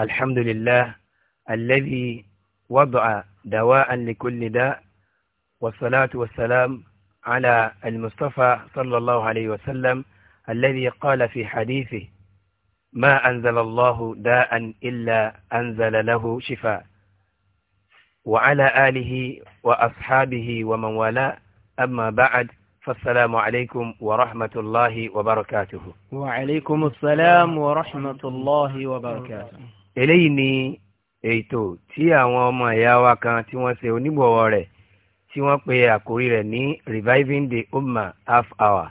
الحمد لله الذي وضع دواء لكل داء والصلاة والسلام على المصطفى صلى الله عليه وسلم الذي قال في حديثه ما أنزل الله داء إلا أنزل له شفاء وعلى آله وأصحابه ومن والاه أما بعد فالسلام عليكم ورحمة الله وبركاته وعليكم السلام ورحمة الله وبركاته eléyìí ni ètò tí àwọn ọmọ ẹ̀yà wa kan tí wọ́n ṣe onígbọ̀wọ́ rẹ̀ tí wọ́n pe àkórí rẹ̀ ní reviving the umma half hour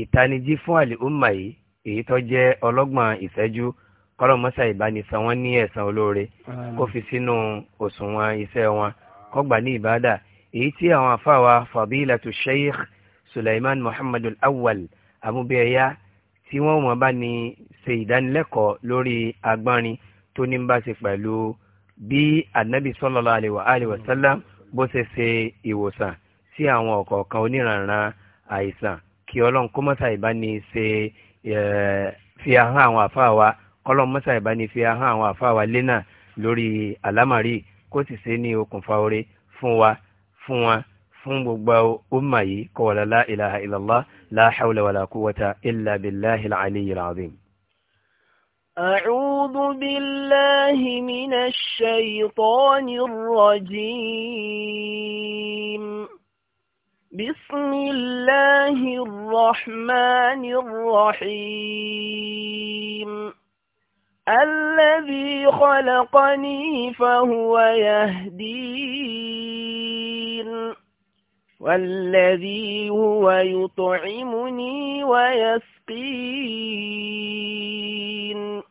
ìtanijí fún àlè umma yìí èyí tó jẹ́ ọlọ́gbọ̀n ìṣẹ́jú kọ́lọ́mọ́sá ìbánisán wọn ní ẹ̀san olóore kó fi sínú òṣùwọ̀n iṣẹ́ wọn kọ́gbà ní ìbádà èyí tí àwọn afáwa fadilatu sheikh suleiman muhammad al-awwal amúbíẹ̀yà tí wọ́n mọ̀ bá ní ṣe ìdánilẹ́kọ̀ọ́ lórí agbọ́nrin tó ní bá ṣe pẹ̀lú bí anabi sallallahu alaihi wa alihi wa sallam bó ṣe ṣe ìwòsàn sí àwọn ọ̀kọ̀ọ̀kan oníranran àìsàn kí ọlọ́run kó mọ́sà ìbáni ṣe fi ahọ́n àwọn àfáà wa kọ́lọ́run mọ́sà ìbáni fi ahọ́n àwọn àfáà wa lé náà lórí àlámàrí kó sì ṣe ní okùnfà oore fún wa fún wa fún gbogbo umma yìí kọ́wọ́lá ilaha illallah la hawla illa billahi al-aliyyil أعوذ بالله من الشيطان الرجيم بسم الله الرحمن الرحيم الذي خلقني فهو يهدين والذي هو يطعمني ويسقين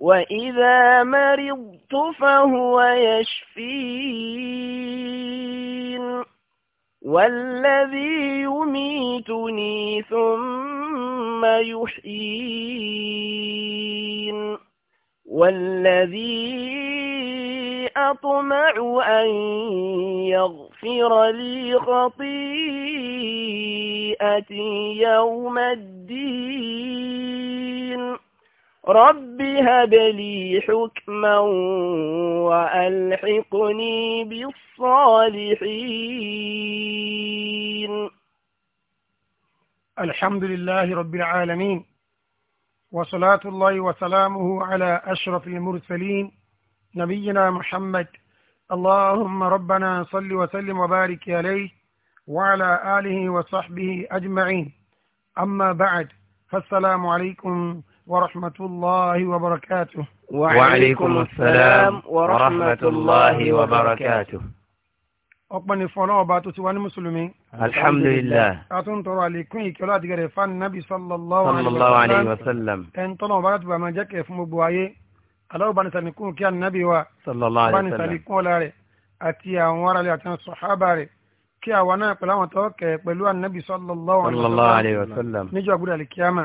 وإذا مرضت فهو يشفين والذي يميتني ثم يحيين والذي أطمع أن يغفر لي خطيئتي يوم الدين رب هب لي حكما وألحقني بالصالحين الحمد لله رب العالمين وصلاة الله وسلامه على أشرف المرسلين نبينا محمد اللهم ربنا صل وسلم وبارك عليه وعلى آله وصحبه أجمعين أما بعد فالسلام عليكم ورحمة الله وبركاته وعليكم السلام ورحمة الله وبركاته ọpẹ́ni fọ́nà ọba tó ti wá ní mùsùlùmí. alhamdulillah. a tún tọrọ àlékún ìkẹ́lọ́ àti gẹ̀rẹ̀ fún nabi sallallahu alayhi wa sallam. ẹn tọ́nà ọba láti bá máa jẹ́ kẹ̀ fún gbogbo ayé aláwọ̀ bá ní sàlékún kí á nàbí wa. sallallahu alayhi wa sallam. bá ní sàlékún ọ̀la rẹ̀ àti àwọn aráàlú àti àwọn sọ̀hábà rẹ̀ kí àwa náà pẹ̀lú àwọn tọ́kẹ̀ pẹ̀lú ànábì sallallahu alayhi wa sallam. níjọ́ àgbúdàlì kíámà.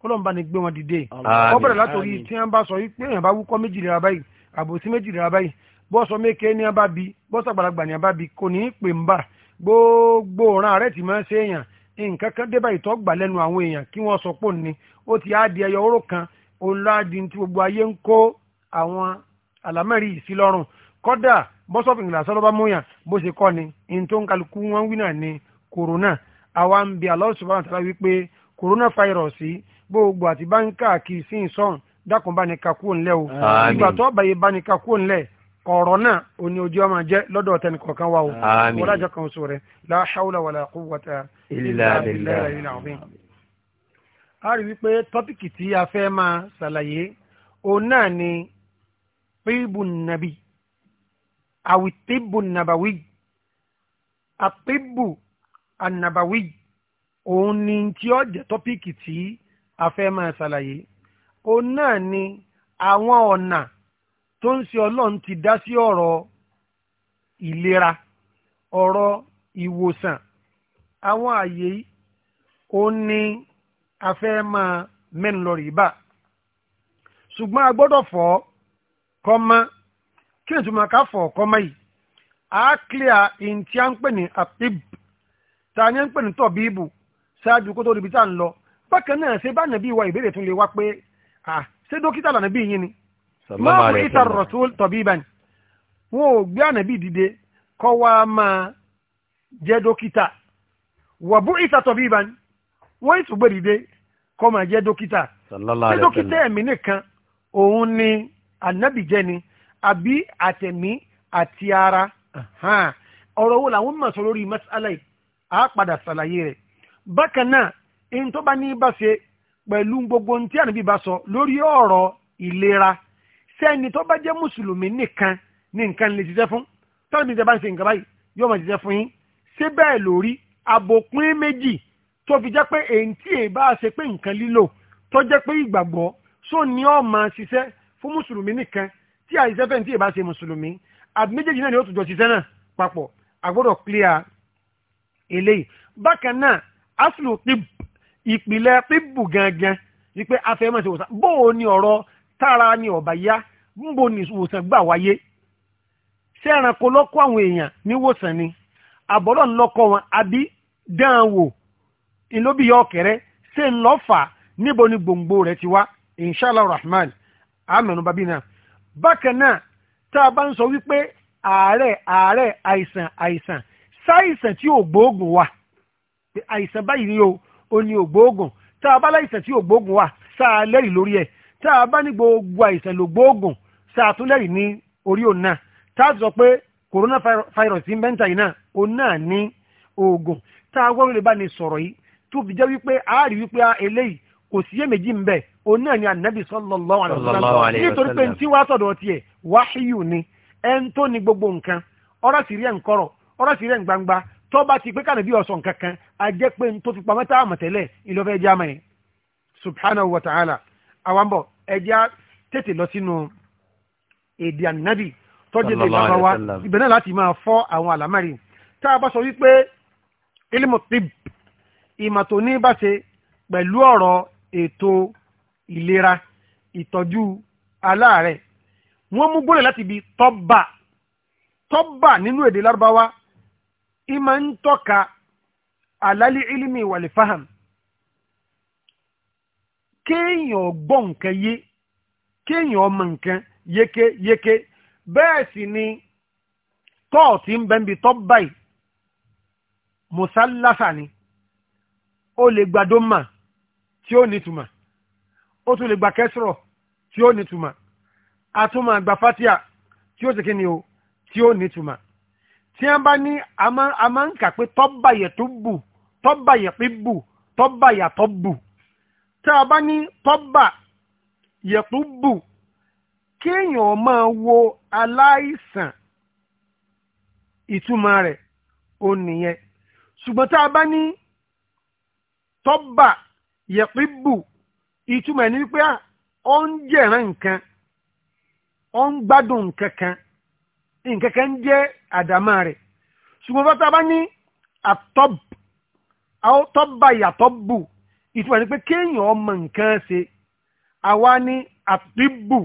kọ́lọ́n bá ní gbé wọn dìde wọ́n bẹ̀rẹ̀ látòrí tí wọ́n bá sọ pé èèyàn bá wúkọ́ méjìlélá báyìí àbòsí méjìlélá báyìí bọ́sọ méke ní abá bi bọ́sọ àgbàlagbà ní abá bi kò ní í pè ń bà gbogbo ọ̀ràn ààrẹ tí máa ń ṣe èèyàn nǹkan kan débà ìtọ́ gbà lẹ́nu àwọn èèyàn kí wọ́n sọ pò ní ó ti á di ẹyọ oró kan òun tí gbogbo ayé ń kó àwọn àlámẹ́rì yìí sí lọ́rùn kọ́dà bọ́sọ̀fù ìgbà sọ́lọ́ bá múyàn bó ṣe kọ́ ni ní tó ń kálukú wọn wí náà ni kòrónà àwa ń bi Allah subhanahu wa ta'ala wípé kòrónà fáírọ̀sì gbogbo àti báńkà kì í sí ìsọ̀n dákun bá ní kakú ńlẹ̀ o ìgbà tó bá yẹ bá ní kakú ńlẹ̀ ọ̀rọ̀ náà ò ní ojú ọmọ jẹ́ lọ́dọ̀ tẹnì kọ̀ọ̀kan wa o wọ́n lájọ kan sọ rẹ̀ la hawla wala quwwata illa billahi al-azim. a rí wípé tọ́pìkì tí a fẹ́ máa ṣàlàyé òun náà ni tibun nabi àwì tibun nabawi àtibu annabawi òun ni tí ó jẹ́ tọ́pìkì tí afẹ́ máa ṣàlàyé òun náà ni àwọn ọ̀nà tó ń ṣe ọlọ́run ti dá sí ọ̀rọ̀ ìlera ọ̀rọ̀ ìwòsàn àwọn àyè òun ni afẹ́ máa mẹ́nu lọ rí bá ṣùgbọ́n a gbọ́dọ̀ fọ́ kọ́mọ́ kí ni ìtumọ̀ ká fọ́ kọ́mọ́ yìí a clear in tí a ń pè ní atib ta ni a ń pè ní tọ̀bíìbù ṣáájú kó tó di tá à ń lọ bákan náà ṣe bá nàbí wa ìbéèrè tún lè wá pé ṣé dókítà lànàbí yín ni máa mú ìta rasul tabiban wọn ò gbé ànàbí dìde kọ́ wa máa jẹ́ dókítà wà bú ìta tabiban wọ́n ìtùgbé dìde kọ́ máa jẹ́ dókítà ṣé dókítà ẹ̀mí nìkan òun ni ànàbí jẹ́ ni àbí àtẹ̀mí àti ara ọ̀rọ̀ wo làwọn mọ̀ sọ lórí mas'ala yìí àá rẹ̀ bákan náà in tó bá ní bá ṣe pẹ̀lú gbogbo ohun tí ànábì bá sọ lórí ọ̀rọ̀ ìlera sẹ́ni tó bá jẹ́ mùsùlùmí nìkan ní nǹkan lè ṣiṣẹ́ fún tọ́lá bíi ṣe bá ń ṣe nǹkan báyìí yóò máa ṣiṣẹ́ fún yín ṣé bẹ́ẹ̀ lórí àbòpín méjì tó fi jẹ́ pé èyí tí èyí bá ṣe pé nǹkan lílò tó jẹ́ pé ìgbàgbọ́ só ní ọ̀ máa ṣiṣẹ́ fún mùsùlùmí nìkan tí àìṣẹ́ fẹ́ tí èyí bá ṣe mùsùlùmí àbí méjèèjì náà ni ó tún jọ ṣiṣẹ́ náà papọ̀ àgbọ́dọ̀ clear eléyìí bákan náà aslu tib ìpìlẹ̀ pípù gangan wípé afẹ́mọ̀ ṣe wòsàn bó o ní ọ̀rọ̀ tára ni ọ̀bà yá ń bo ní wòsàn gbà wáyé ṣé ẹranko lọ́kọ́ àwọn èèyàn ní wòsàn ni àbọ̀dọ̀ ńlọ́kọ́ wọn àbí dán wò ìlóbi yọ ọ̀kẹ́rẹ́ ṣé ń lọ́ fà níbo ni gbòǹgbò rẹ̀ ti wá inshallah rahman amẹnu babi náà bákan náà tá a bá ń sọ wípé àárẹ̀ àárẹ̀ àìsàn àìsàn sáìsàn tí ò gbóògùn wa àìsàn báyìí ni o oni ní ògbóògùn tá a bá láìsàn tí ògbóògùn wà sá a lẹ́rìí lórí ẹ̀ tá a bá ní gbogbo àìsàn lògbóògùn sá a tún lẹ́rìí ní orí òun náà tá a sọ pé coronavirus mẹ́ta yìí náà náà ní tá a wọ́n lè bá ní sọ̀rọ̀ yìí tó ni anabi sallallahu nítorí pé tí wàá sọ̀dọ̀ ni tó gbogbo nǹkan ọ̀rọ̀ tó bá ti pé kànà bí ọ̀sán kankan a jẹ́ pé tó fi pamọ́ tá a mọ̀ tẹ́lẹ̀ ìlọ́fẹ́ ẹja mọ̀ subhanahu wa ta'ala àwọn bọ̀ ẹja tètè lọ sínú èdè ànábì tọ́jú èdè bàbá wa ibẹ̀ náà láti máa fọ́ àwọn àlámárì tá a bá sọ wípé ilmu tib ìmọ̀ tó ní bá ṣe pẹ̀lú ọ̀rọ̀ ètò ìlera ìtọ́jú aláàárẹ̀ wọ́n mú gbọ́dọ̀ láti bi tọ́ba tọ́ba nínú èdè lárúbáwá ìmọ̀ ń tọ́ka àlálí ilmi wàlìfáhàm kéèyàn gbọ́ nǹkan yé kéèyàn ọmọ nǹkan yékéyéké bẹ́ẹ̀ sì ni tọ́ọ̀tì ń bẹ́ẹ̀ bí tọ́ báyìí mùsálásà ni ó lè gba dómà tí ó nítumà ó tún lè gba kẹsìrọ̀ tí ó nítumà àtúmọ̀ àgbà fatia tí ó sì kí ni o tí ó nítumà tí wọ́n bá ní a máa ń kà pé tọ́bàyẹ̀ tó bù tọ́bàyẹ̀ pé bù tọ́bàyà tó bù tí a bá ní tọ́bà yẹ̀ tó bù kéèyàn máa wo aláìsàn ìtumọ̀ rẹ̀ ó nìyẹn ṣùgbọ́n tá a bá ní tọ́bà yẹ̀pí bù ìtumọ̀ ẹ̀ ní wípé ó ń jẹ̀rán nǹkan ó ń gbádùn nǹkan kan nǹkan kan jẹ́ àdámà rẹ̀ ṣùgbọ́n bọ́tà bá ní àtọ́bù àtọ́bà yàtọ́bù ìtumọ̀ ní pé kéèyàn ọmọ nǹkan ṣe àwa ní àtìbù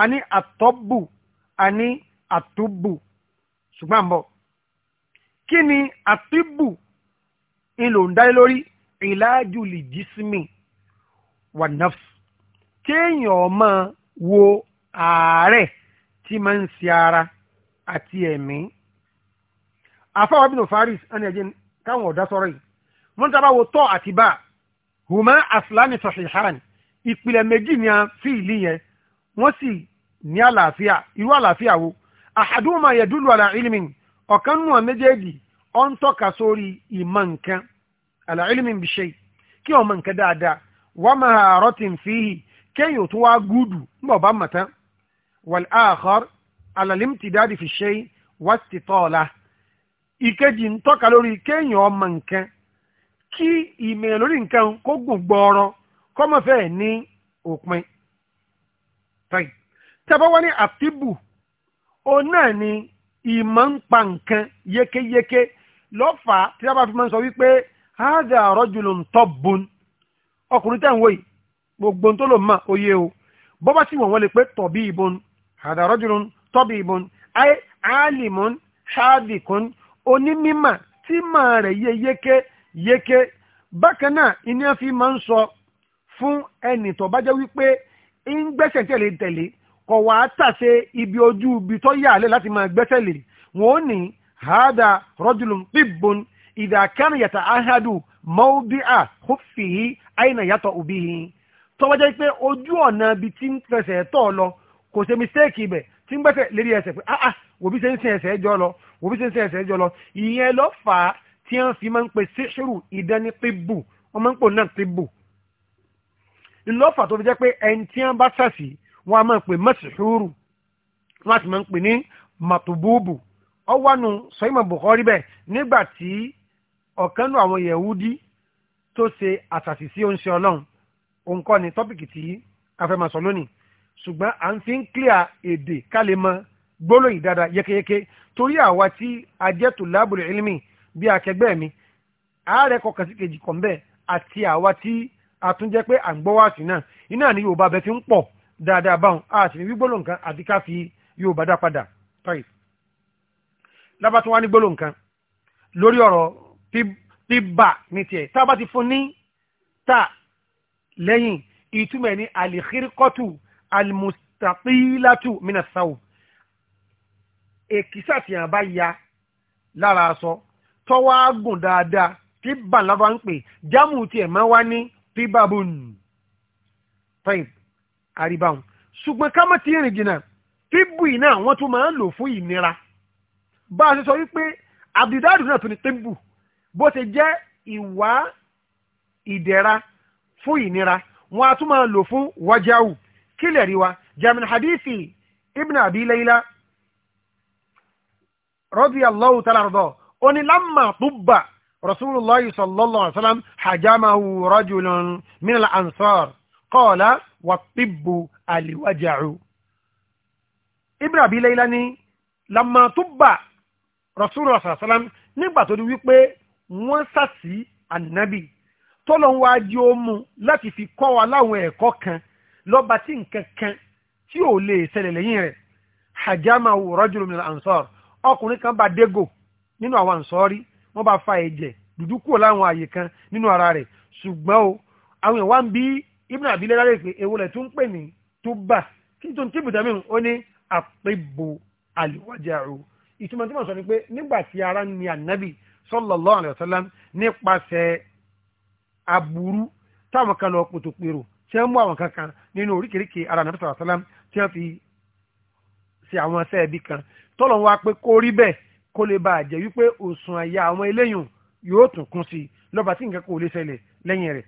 àní àtọ́bù àní àtúbù ṣùgbọ́n àbọ̀ kí ni àtìbù ìlò ń dálé wo àárẹ̀ tí máa ń ṣe ara àti ẹ̀mí àfáwọn bínú faris ẹni ẹ̀jẹ̀ káwọn ọ̀dá sọ́rọ̀ yìí wọ́n tábà wo tọ́ àti bá hùmá aslami sahihan ìpìlẹ̀ méjì ni a fi ìlú yẹn wọ́n sì ní àlàáfíà irú àlàáfíà wo àhàdúmọ̀ yẹ̀dúlù àlà ìlmi ọ̀kan nù méjèèjì ọ̀ ń tọ́ka sórí ìmọ̀ nǹkan àlà ìlmi bìṣe kí ọmọ nǹkan dáadáa wọ́n máa rọ́tìn fíhì kéèyàn tó wá gúdù ń bọ̀ bá mọ̀tán wal akhar alalimtidadi fi ṣe wàtítọ́ọ̀la ìkejì ń tọ́ka lórí kéèyàn ọmọ nǹkan kí ìmìíràn lórí nǹkan kó gùn gbọ́ọ̀rọ̀ kọ́mọ̀fẹ́ ní òpin tẹ́bọ́ wá ní àtìbù ni ìmọ̀ ń pa nǹkan yékéyéké lọ́fà tí wọ́n fi máa ń sọ wípé rajulun tabbun ọkùnrin tẹ̀ gbogbo o bọ́ tọ́bìbùn àálìmùn ṣáàbìkún onímímọ̀ tí mọ̀ rẹ̀ yé yéké yéké bákan náà iná fi máa ń sọ fún ẹnì tó bá jẹ́ wípé ń gbẹ́sẹ̀ tẹ̀lé tẹ̀lé kọ̀ wá tàṣe ibi ojú ibi tó yà á lẹ̀ láti máa gbẹ́sẹ̀ lè wọ́n ó ní hada rọ́jùlùm pípọn ìdàkánì yàtà áhádù mọ́ọ́bíà kófìhí àyìnà yàtọ̀ òbí yìí tó pé ojú ọ̀nà ibi tí ń fẹsẹ̀ tọ̀ lọ kò ṣe mistake ibẹ̀ tí ń gbẹ́sẹ̀ lérí ẹsẹ̀ pé ah ah wòbí ṣe ń sin ẹsẹ̀ ẹjọ́ lọ wòbí ṣe ń sin ẹsẹ̀ ẹjọ́ lọ ìyẹn lọ fà á tí wọ́n fi máa ń pe ṣíṣírù ìdání pébù wọ́n máa ń pò náà pébù ńlọ́fà tó fi jẹ́ pé ẹni tí wọ́n bá ṣàṣì wọ́n á máa pè mọ́ṣíṣúrù wọ́n á sì máa ń pè ní màtòbúùbù ọwọ́nu sọ́yìnbọ̀ Bukhari bẹ́ẹ̀ nígbà tí ọ̀kan nù àwọn Yẹ̀húdí tó ṣe àṣàṣì sí oúnjẹ ọlọ́run òǹkọ́ ni tọ́pìkì tí a ṣùgbọ́n à ń fi ń clear èdè ká lè mọ gbólóyìn dáadáa yékéyéké torí àwa tí a jẹ́ tó láàbùrù ilmi bí akẹgbẹ́ mi ààrẹ kọkàn sí kejì kan bẹ́ẹ̀ àti àwa tí a tún jẹ́ pé à ń gbọ́ wáàsí náà iná ni Yorùbá bẹ ti ń pọ̀ dáadáa báwọn a sì ní wígbóló nǹkan àti ká fi Yorùbá dá padà lábàtún wá ní gbóló nǹkan lórí ọ̀rọ̀ bíbà ní tiẹ̀ tá ti fún ní ta lẹ́yìn ìtumọ̀ ní àlìkírikọ́tù almustaqilatu mina sawu èkìsà tí yàn bá ya lára aṣọ tọ́wọ́ á gùn dáadáa tí bàǹlá bá ń pè jámù tiẹ̀ máa wá ní píbàbùn tọ́yìn àríbáwọn ṣùgbọ́n ká má ti rìn jìnnà tíbù yìí náà wọ́n tún máa ń lò fún ìnira bá a ṣe sọ wípé abdulhadu náà tún ní tíbù bó ṣe jẹ́ ìwà ìdẹ̀ra fún ìnira wọ́n á tún máa kílẹ̀ rí wa jamin hadithi ibn abi layla radiyallahu ta'ala anhu ó ní lamma tubba rasulullahi sallallahu alaihi wasallam hajamahu rajulun min al-ansar qala wa tibbu alwaja'u ibn abi layla ní lamma tubba rasulullah sallallahu alaihi wasallam nígbà tó di wípé wọ́n sasi annabi tọ́lọ́wọ́ ajé ó mú láti fi kọ́ wa láwọn ẹ̀kọ́ kan lọ́ba tí nǹkan kan tí ò lè ṣẹlẹ̀ lẹ́yìn rẹ̀ hajjama rajulun min al-ansar ọkùnrin kan bá dégò nínú àwọn ànsọ́rí wọ́n bá fa ẹ̀jẹ̀ dúdú kúrò láwọn àyè kan nínú ara rẹ̀ ṣùgbọ́n o àwọn èèyàn wá ń bí ibùdó àbílẹ̀ lára èpè èwo rẹ̀ tó ń pè ní tó bà kí tó ń tí ibùdó mìíràn ó ní àpébò àlùwájà o ìtumọ̀ tí mo sọ ni pé nígbà tí ara ń ni ànábì sallallahu alaihi wasallam nípasẹ̀ aburú táwọn kan lọ pòtòpérò tí wọ́n mú àwọn kankan nínú oríkèéríkè ara nàbí sọ̀rọ̀ sálám tí wọ́n fi ṣe àwọn ẹsẹ̀ ẹbí kan tọ́lọ̀ wá pé kó rí bẹ́ẹ̀ kó lè bá a jẹ́ wípé òsùn àyà àwọn eléyùn yóò tún kún sí i lọ́ba tí nǹkan kò lè ṣẹlẹ̀ lẹ́yìn rẹ̀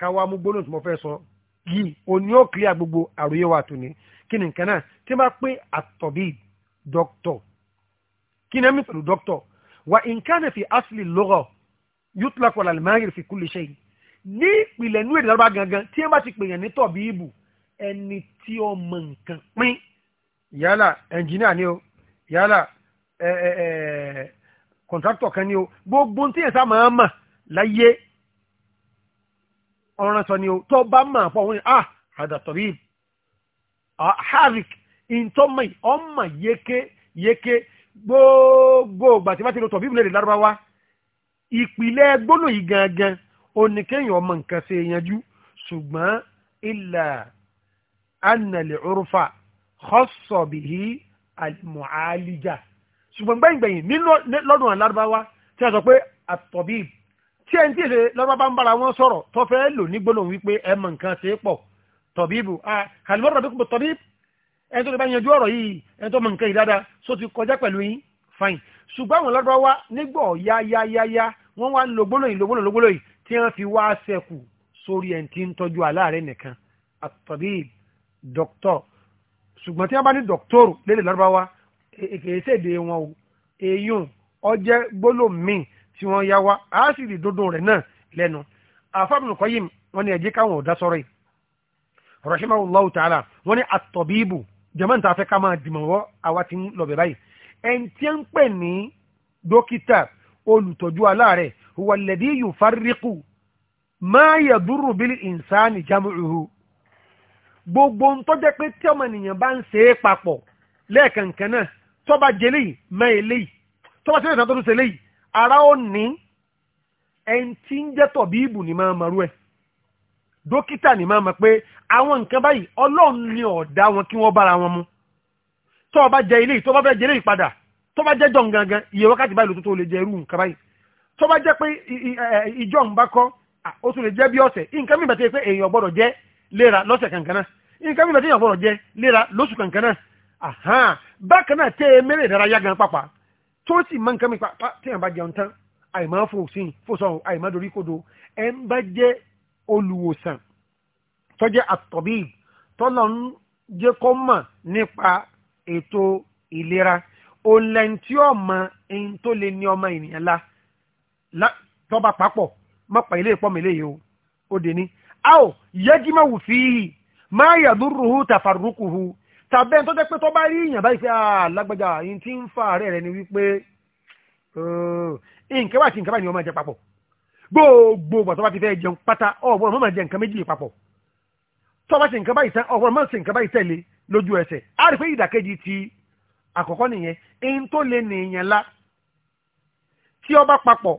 káwa mú gbólóhùn tí mo fẹ́ sọ yìí òní ó kílíà gbogbo àròyé wa tòní kí ni nǹkan náà tí wọ́n pé àtọ̀bí dọ́kítọ̀ kí ni ẹ̀mí pẹ̀lú dọ́kítọ̀ wà nǹkan náà fi asli lugha yutlaq ala al-mahir fi kulli shay ní ìpìlẹ̀ inú èdè lọ́ba gangan tí wọ́n bá ti pèèyàn ní tọ̀bí ìbù ẹni tí ó mọ nǹkan pín yálà ẹnjìníà ni o yálà ẹ ẹ ẹ kọ̀ǹtráktọ̀ kan ni o gbogbo tí yẹn sá máa mọ̀ láyé ọ̀ràn sọ ni o tó bá mọ̀ àpọ̀ òun ah àdà tọ̀bí ìbù ah, harik ìtọ́mọ̀ ọmọ yéké yéké gbogbo ìgbà tí wọ́n ti lo tọ̀bí ìbù lè lè lárúbáwá ìpìlẹ̀ gbólóyìí gangan oníkéèyàn ọmọ nǹkan ṣe yanjú ṣùgbọ́n ilà annali urfa khassa bihi alimualija ṣùgbọ́n gbẹ̀yìngbẹ̀yìn nínú lọ́dún alárúbáwá tí a sọ pé àtọ̀bí tí ẹni tí èsè lọ́dún bá ń bára wọn sọ̀rọ̀ tó fẹ́ lò ní gbólóhùn wípé ẹ mọ̀ nǹkan ṣe é pọ̀ tọ̀bíbù àlùmọ́rọ̀ bí kò tọ̀bíbù ẹni tó ti bá yanjú ọ̀rọ̀ yìí ẹni tó mọ̀ nǹkan yìí dáadáa só ti kọjá pẹ̀lú yín fine ṣùgbọ́n àwọn lọ́dún wa nígbọ̀ yáyáyáyá wọ́n wá ń lo tí wọ́n fi wá sẹ́kù sórí ẹni tí ń tọ́jú aláàárẹ̀ nìkan àtọ̀bí dọ́kítọ̀ ṣùgbọ́n tí wọ́n bá ní dọ́kítọ̀rù lédè lárúbáwá èkèyè e-, ṣèdè wọn o èyún ọjẹ́ gbólómìn tí wọ́n yá wa á sì rí dúndùn rẹ̀ náà lẹ́nu àfàbùnù kọ́yìm wọn ni ẹ̀jẹ̀ káwọn ò sọ́rọ̀ yìí rahimahullahu ta'ala wọn ni àtọ̀bíbù jẹ́mọ́ níta fẹ́ ká máa dìmọ̀wọ́ àwa ti ń lọ bẹ̀ báyìí ẹni tí ń pè ní dókítà olùtọ́jú aláàárẹ̀ هو الذي يفرق ما يضر بالإنسان جمعه gbogbo ń tọ́jẹ́ pé tí ọmọnìyàn bá ń ṣe é papọ̀ lẹ́ẹ̀kankan náà tó bá jẹ léyìí mọ eléyìí tó bá sílẹ̀ tó tún ṣe léyìí ara ó ní ẹni tí ń jẹ́ tọ̀bí ìbù ni máa mọ̀rú ẹ̀ dókítà ni máa mọ̀ pé àwọn nǹkan báyìí ọlọ́run ni ọ̀dá wọn kí wọ́n bára wọn mu tó bá jẹ eléyìí tó bá fẹ́ jẹ eléyìí padà tó bá jẹ́ jọ̀ iye wákàtí báyìí ló tó tó lè jẹ tó bá jẹ́ pé ìjọ ń bá kọ́ ó tún lè jẹ́ bí ọ̀sẹ̀ nǹkan mìíràn tó yẹ pé èèyàn gbọ́dọ̀ jẹ́ léra lọ́sẹ̀ kankan náà nǹkan mìíràn tó yẹ gbọ́dọ̀ jẹ́ léra lóṣù kankan náà bákan náà tẹ́ ẹ mẹ́rẹ̀ ìdárayá gan pápá tó sì mọ nǹkan mìíràn tí èèyàn bá jẹun tán àìmọ́ fòsìn fòsàn àìmọ́ dorí kodo ẹ ń bá jẹ́ olùwòsàn tó jẹ́ àtọ̀bí tọ́lọ́ ń jẹ́ kó mọ̀ nípa ètò ìlera òǹlẹ̀ntì ọmọ ẹni tó lè ní ọmọ ènìyàn la tọ́ba papọ̀ mọ́pàá ilé ìpọ́mọ ilé yìí o ó dé ní. a ò yẹ́jìmọ̀ wù fi hì máa yàdúrúhu tàfàrúkùhu tàbẹ́ tó jẹ́ pé tọ́ba rí ìyàn báyìí pé alágbájá ah, yìí ti ń fa àárẹ̀ rẹ ni wípé eh, nǹkan wà sí nǹkan báyìí ni wọ́n máa jẹ papọ̀ gbogbo ìgbà tó bá ti fẹ́ jẹun pátá ọ̀gbọ́n mọ́ máa jẹ nǹkan méjì papọ̀ tó ti nǹkan báyìí tán ọ̀gbọ́n mọ́ sí nǹkan báyìí tẹ̀lé lójú ẹsẹ̀ á rí pé ìdàkejì ti àkọ́kọ́ nìyẹn eyín tó lè nìyẹn la tí ó papọ̀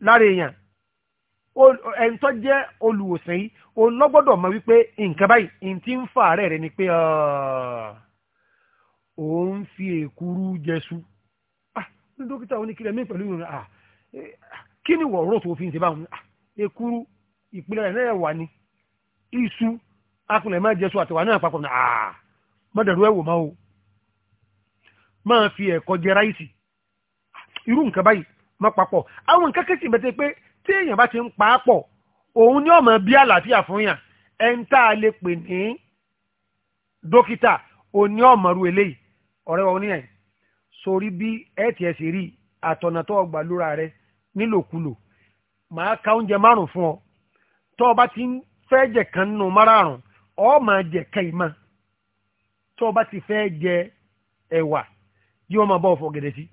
lára èèyàn ẹni tó jẹ́ olùwòsàn yìí òun ló gbọ́dọ̀ mọ̀ wípé nǹkan báyìí n ti ń fa àárẹ̀ rẹ̀ ni pé òun fi èkúrú jẹṣu ah, ní dókítà oníkìlẹ̀ mí pẹ̀lú ìrìn ah, eh, ah, kí ni wọ̀ rò tó fi ń ṣe báwọn èkúrú ìpínlẹ̀ rẹ̀ náà wà ní iṣu akunlẹ̀ máa jẹṣu àtẹ̀wà náà papọ̀ náà mọ́dàrú ẹ̀wò máa o máa fi ẹ̀kọ́ jẹ ráìsì irú nǹkan báyìí ma papọ̀ àwọn nǹkan si bẹ́tẹ̀ pé tí bá ti ń pa á pọ̀ òun ni ọmọ bí àlàáfíà fún yàn ẹ̀ ń tá a lè pè ní dókítà òní ọmọrú eléyìí ọ̀rẹ́ wa oníyàn sórí bí ẹ tiẹ̀ sì rí àtọ̀nà tó ọgbà lóra rẹ nílòkulò màá ka oúnjẹ márùn fún ọ tó o bá ti ń fẹ́ jẹ kan nínú ọ máa jẹ tó o bá ti fẹ́ jẹ ẹ̀wà yóò máa bọ́ ọ̀fọ̀ gẹ̀dẹ̀ sí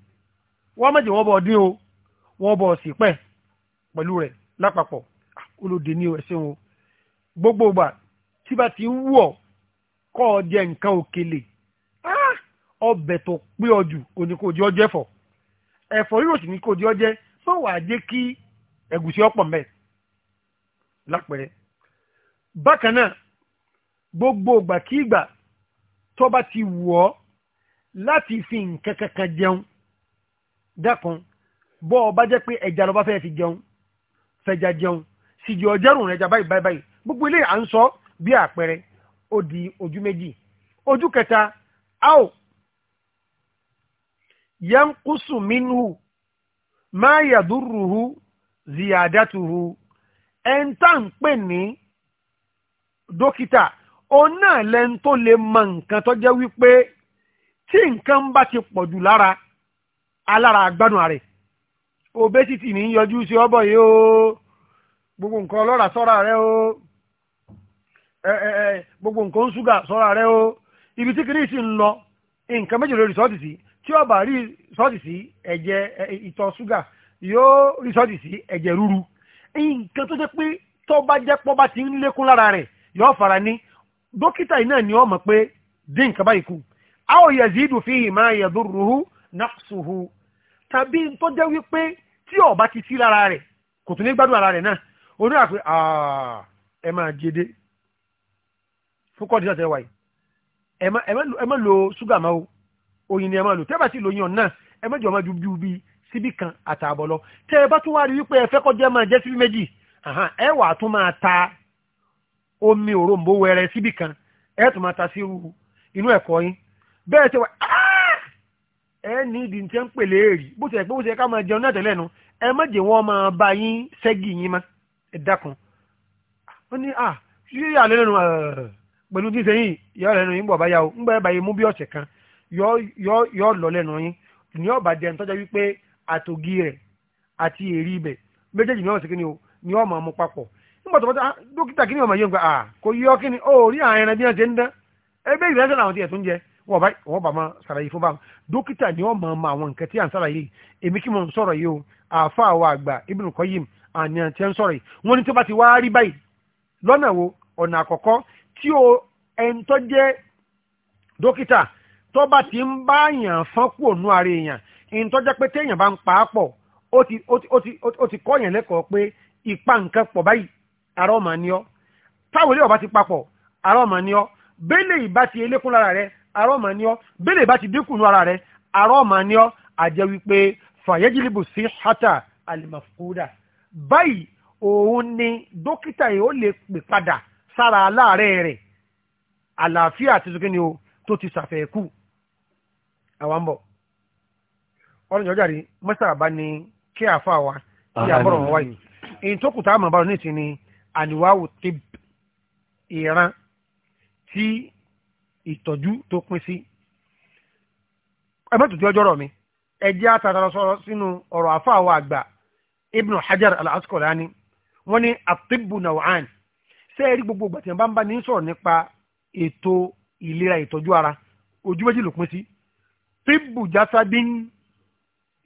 wọ́n wọ́n bọ̀ wọ́n bọ̀ sí pẹ́ pẹ̀lú rẹ̀ lápapọ̀ ah, olóde ní ẹ̀sìn o gbogbo ìgbà tí bá ti ń wù ọ́ kọ́ ọ jẹ nǹkan òkèlè ah, ọbẹ̀ tó pé ọ jù òní kò jẹ́ ọ jẹ́ fọ̀ ẹ̀fọ́ rírò sì ní kò jẹ́ ọ jẹ́ má wàá jẹ́ kí ẹ̀gúsí ọ̀pọ̀ mẹ́ lápẹ̀rẹ̀ bákan náà gbogbo ìgbà kí ìgbà tó ti wù ọ́ láti fi nǹkan kankan jẹun dákan bọ́ ọba jẹ́ pé ẹja lọ́ba fẹ́ fi jẹun fẹja jẹun ọjọ́rùn ẹja báyìí báyìí gbogbo ilé à ń sọ bí àpẹẹrẹ ó di ojú méjì ojú kẹta a yankusu minhu máa yàdúrùhù ziyadatuhu ẹ̀ńtà ń pè ní dókítà òun náà lẹ́nu tó lè mọ nǹkan tó jẹ́ wípé tí nǹkan bá ti pọ̀jù lára alára agbádùn rẹ̀ obesity ní yọjú sí ọbọ yìí o gbogbo nǹkan ọlọ́ra sọ́ra rẹ o gbogbo nǹkan ṣúgà sọ́ra rẹ o ibi tí kìíní sì ń lọ nǹkan méjì rìsọ́ọ̀tì sí tí ó rí rìsọ́ọ̀tì sí ẹ̀jẹ̀ ìtọ̀ fara ní dókítà ni mọ̀ pé dín nǹkan yazidu tàbí tó jẹ́ wípé tí ó bá ti sí lára rẹ̀ kò tún ní gbádùn ara rẹ̀ náà oní àpè ẹ máa jede fún kọ́ọ̀dì sọ̀tẹ̀ wáyé ẹ má lo ṣúgà máa o oyin ni ẹ máa lò tẹ́ bá sì lóyin ọ̀nà ẹ má jọ máa dúdú bí síbí kan àtààbọ̀ lọ tẹ́ ẹ bá tún wá rí wípé ẹ fẹ́ kọjá máa jẹ́ síbí méjì ẹ wà tún máa ta omi òrombó wẹrẹ síbí kan ẹ tún máa ta sí irú inú ẹ̀kọ́ yín bẹ́ẹ̀ tẹ́ wá ẹ ní ìdí tí ń pèlè èrì bó ti ẹ̀ pé bó ti ẹ̀ ká máa jẹun náà tẹ́lẹ̀ nu ẹ má jẹ́ wọn máa bá yín ṣẹ́gi yín má ẹ dákun ó ní à ah, ṣíṣe yà lẹ́nu eh, pẹ̀lú tí sẹ́yìn lẹ́nu yín bọ̀ o ń báyìí mú kan yọ lọ lẹ́nu yín tọ́jà wípé àtògì rẹ̀ àti èrì ibẹ̀ méjèèjì ni o ní ọmọ papọ̀ nígbà tó wọ́n bá máa ṣàlàyé fún báwọn dókítà ni wọ́n máa ma àwọn nǹkan tí à ń ṣàlàyé èmi kí mo ń sọ̀rọ̀ yìí o àfa àwọn àgbà Ibn Qayyim àní àti ẹ̀ ń sọ̀rọ̀ yìí wọ́n ní tó bá ti wá rí báyìí lọ́nà wo ọ̀nà àkọ́kọ́ tí o ẹni tó jẹ́ dókítà tó bá ti ń bá yàn fọ́n kú ònú ara èèyàn ẹni tó jẹ́ pé téèyàn bá ń pa á pọ̀ ó ti kọ́ yàn lẹ́kọ̀ọ́ arọ́mọ ni ọ́ bẹ́lẹ̀ bá ti dínkù nú ara rẹ̀ arọ́mọ ni ọ́ àjẹ́ wípé fàyẹ́jìlìbù sí hátà alimafuda báyìí òun ni dókítà yìí ó lè pè padà sára aláàárẹ̀ rẹ̀ àlàáfíà àti sókè ni o tó ti ṣàfẹ́ kù àwọn bọ̀ ọ̀rọ̀ ìjọba rí mọ́sàbá ni kí àfa wa kí àbọ̀rọ̀ wọn wáyé èyí tó kù tá a mọ̀ bá wọn ní ìsìn ni àníwáwò tib ìran tí ìtọ́jú tó pín sí. ẹgbẹ́ tó ti ọjọ́ rọ̀ mi ẹjẹ́ àtàtàrà sọ̀rọ̀ sínú ọ̀rọ̀ àfáàwọ̀ àgbà Ibn Hajar al-Asqalani wọ́n ní at-tibbu naw'an ṣé ẹ rí gbogbo ìgbà tí wọ́n bá ń bá ní sọ̀rọ̀ nípa ètò ìlera ìtọ́jú ara ojú méjì ló pín sí tibbu jasadin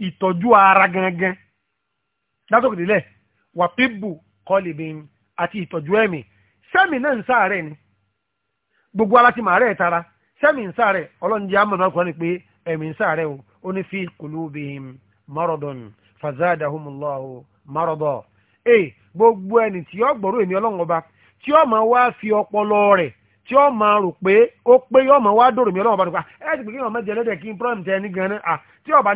ìtọ́jú ara gangan látòkè délẹ̀ wà tibbu qalbin àti ìtọ́jú ẹ̀mí sẹ́mi náà ń sáàárẹ̀ ni gbogbo ara ti màárẹ̀ tara sẹ́mi nsa sáré ọlọ́run jẹ́ àmọ́ ni pé ẹ̀mí nsa sáré o ó ní fi qulubihim maradun fazadahumullahu ee gbogbo ẹni tí ó gbọ́rọ̀ èmi ọlọ́run ọba tí ó máa wá fi ọpọlọ rẹ̀ tí ó máa rò pé ó pé yóò wá dòrò mi ọlọ́run ọba pa ẹ ti pè kí wọn mẹ́jẹ lẹ́dẹ̀ kí n pọ́nmi tẹ ẹni gan ti pè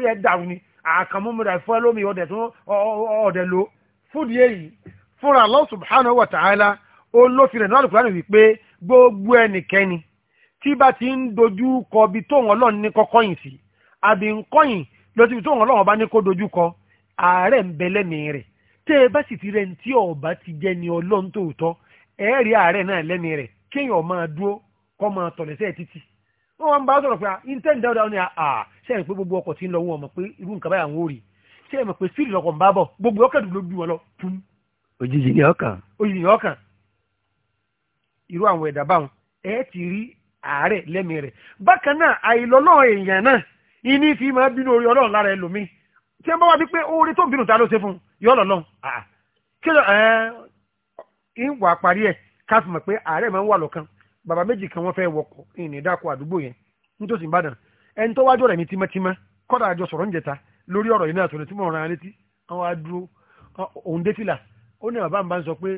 kí kí àkànmú mi rà fún ẹlómi ọ̀dẹ̀ tó ọ̀dẹ̀ lo, fúdi èyí fúnra Allah subhanahu wa ta'ala olófin rẹ̀ náà kúránì wípé gbogbo ẹnikẹ́ni tí bá ti ń dojú kọ bí tóun ọlọ́run ní kọ́kọ́yìn sí àbí ń kọ́yìn lọ síbi tóun ọlọ́run ọba ní kó dojú kọ ààrẹ ń bẹ lẹ́mìí rẹ̀ tẹ́ ẹ bá sì ti rẹ̀ ń tí ọba ti jẹ́ ni ọlọ́run tòótọ́ ẹ̀ẹ́rì ààrẹ náà lẹ́mìí rẹ̀ kéèyàn máa dúró kọ́ máa tọ̀lẹ́sẹ̀ títì wọ́n bá sọ̀rọ̀ pé ah, intend dáadáa ni àà ah, ah, sẹ́yìn pé gbogbo ọkọ̀ ti ń lọ wọn mọ̀ pé irú nǹkan báyà ń wò rí sẹ́yìn pé fíìlì lọkọ̀ ń bá bọ̀ gbogbo ọkọ̀ dùn ló gbé wọn lọ tún. òjijì ni ọkàn. òjijì ni ọkàn irú àwọn ẹ̀dá báwọn ẹ ti rí àárẹ̀ lẹ́mìí rẹ̀ bákan náà àìlọ́lọ́ èèyàn náà ìní fi máa bínú orí ọlọ́run lára ẹlòmíì tí ẹ bá wá bí pé tó ń bínú ta ló ẹni tó wájú ọ̀rẹ́ mi tímọ́tímọ́ kọ́dà àjọ sọ̀rọ̀ níjẹta lórí ọ̀rọ̀ yìí náà sọ̀rọ̀ tí mo rán létí àwọn adúró òun dé fìlà sọ pé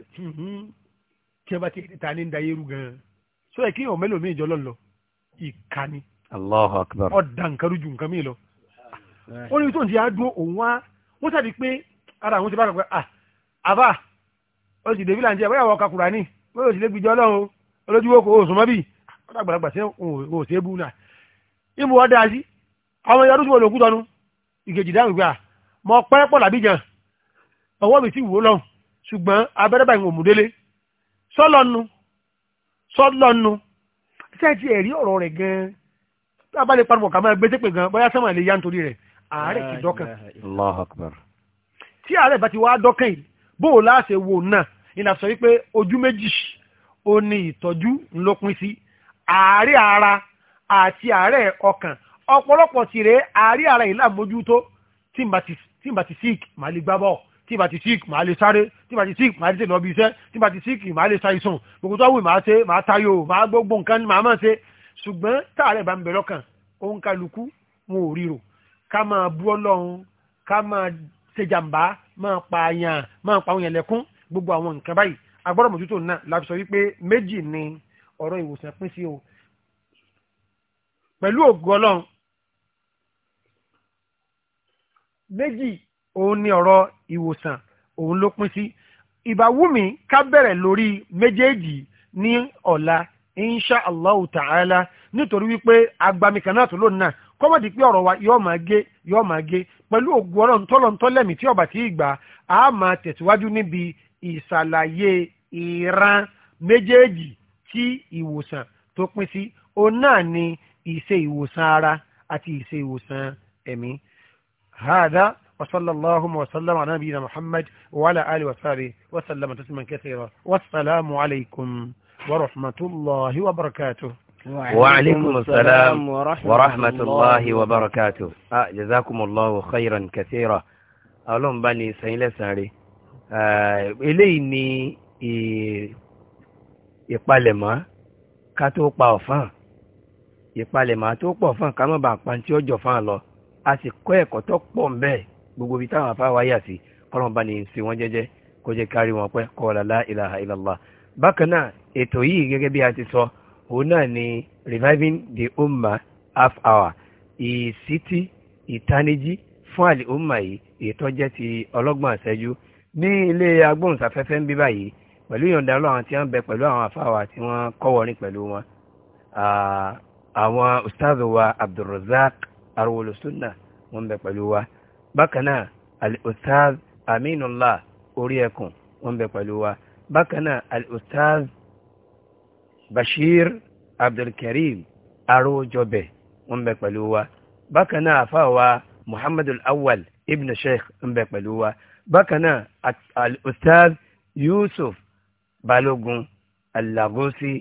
ẹ bá ti ta ní da yéru gan-an sọ yẹ kí èèyàn mélòó mi ìjọ lọ lọ ìkànnì Allahu Akbar ọ̀dà nǹkan rújú nǹkan mi lọ ó ní tó ń ti adúró òun wá wọ́n sàbí pé ara àwọn ti bá kọ̀ pé ah àbá ó sì dèbí wọ́n kakùrà ní sì lé gbìjọ́ kò sùn mọ́ bí ìmú ọdá sí ọmọ ìyá rúṣùwọ̀n lòkú tọnu ìgèjì dáhùn gbà mọ pẹ́ pọ̀ làbí ọwọ́ mi ti wò lọ ṣùgbọ́n abẹ́rẹ́ báyìí wọ́n mú sọ́lọ́nu sọ́lọ́nu sẹ́ẹ̀tì ẹ̀rí ọ̀rọ̀ rẹ̀ gan-an tá a bá lè parọ́ kà máa gbé tépè gan bóyá sẹ́wọ̀n lè yá nítorí rẹ̀ àárẹ̀ ti dọ́kàn. tí àárẹ̀ bá ti wá dọ́kàn yìí bó o láṣẹ wo náà ìlà sọ wípé ojú méjì ó ìtọ́jú ńlọpin sí àárẹ̀ ara àti àárẹ̀ ọkàn ọ̀pọ̀lọpọ̀ tìrẹ àárí ara yìí lámójútó tí n bá ti sick màá lè gbá bọ́ọ̀ tí n bá ti sick màá lè sáré tí n bá ti sick màá lè tètè lọ bí iṣẹ́ tí n bá ti sick màá lè ṣàìsàn gbogbo tó wù màá ṣe màá tayò màá gbogbo nǹkan màá máa ṣe ṣùgbọ́n táàrẹ̀ bá ń bẹ lọ́kàn òun kálukú wọn ò ríro ká máa bú ọlọ́run ká máa ṣe jàǹbá máa pa àyàn máa pa àwọn èèyàn gbogbo àwọn nǹkan báyìí agbọ́dọ̀ mọ̀jútó náà la sọ wípé méjì ni ọ̀rọ̀ ìwòsàn pín sí o pẹ̀lú ògùn ọlọ́run méjì òun ni ọ̀rọ̀ ìwòsàn òun ló pín sí Ìbáwùmí ká bẹ̀rẹ̀ lórí méjèèjì ní ọ̀la insha allah ta'ala nítorí wípé agbamika náà tó lónìí náà kọ́mọ̀dé pé ọ̀rọ̀ wa yóò máa gé yóò máa gé pẹ̀lú ògùn ọ̀rọ̀ ntọ́lọ́ntọ́lẹ́mì tí ọ̀bà tí ì gbà á máa tẹ̀síwájú níbi ìsàlàyé ìran méjèèjì tí ìwòsàn tó pín sí òun náà ni إيسي وسارة أتي إيسي وسان أمي هذا وصلى الله وسلم على نبينا محمد وعلى آله وصحبه وسلم تسليما كثيرا والسلام عليكم ورحمة الله وبركاته وعليكم السلام ورحمة, ورحمة الله وبركاته آه جزاكم الله خيرا كثيرا أولم بني سيلة ساري إليني ìpalẹ̀mọ́ ما tó pa ìpalẹ̀mọ́ tó pọ̀ fún nǹkan mọ́ba àpáǹtí ọjọ́ fún àlọ́ a sì kọ́ ẹ̀kọ́ tó pọ̀ ń bẹ́ẹ̀ gbogbo ibi táwọn afáwa yà sí kọ́lọ́n bá ní sí wọn jẹ́jẹ́ kó jẹ́ kárí wọn pẹ́ kọ́ lálá ilaha illallah bákan náà ètò yìí gẹ́gẹ́ bí a ti sọ òun náà ni reviving the umma half hour ìsítí ìtanijí fún àlè umma yìí ìtọ́jẹ́ ti ọlọ́gbọ̀n àṣẹjú ní ilé agbóhùnsáfẹ́fẹ́ ń bí báyìí pẹ̀lú ìyọ̀ǹda ọlọ́run tí wọ́n bẹ pẹ̀lú àwọn afáwa tí wọ́n kọ́wọ́rin pẹ̀lú wọn àwọn ustaz wa abdulrazak arwolosunna wọ́n bẹ pẹ̀lú wa bákanáà al-ustaz aminullah orí ẹkùn wọ́n bẹ pẹ̀lú wa bákanáà al-ustaz bashir abdulkarim arójọbẹ wọ́n bẹ pẹ̀lú wa bákanáà àfáwa muhammadu awal ibn sheikh wọ́n bẹ pẹ̀lú wa bákanáà al yusuf balogun alagosi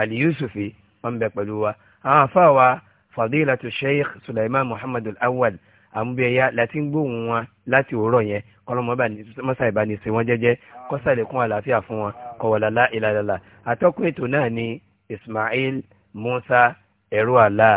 al-yusufi wọ́n bẹ pẹ̀lú wa àwọn àfáàwà fadilatu sheikh suleiman muhammad al-awwal àmúbẹ̀yà láti ń gbóhùn wọn láti òwúrọ̀ yẹn kọlọmọba mọ́sá ìbánisí wọn jẹ́jẹ́ kọ́sàlẹ̀kún àlàáfíà fún wọn kọ̀wọ̀lálá ìlàlàlà àtọ́kùn ètò náà ni ismail musa ẹ̀rọ àlà.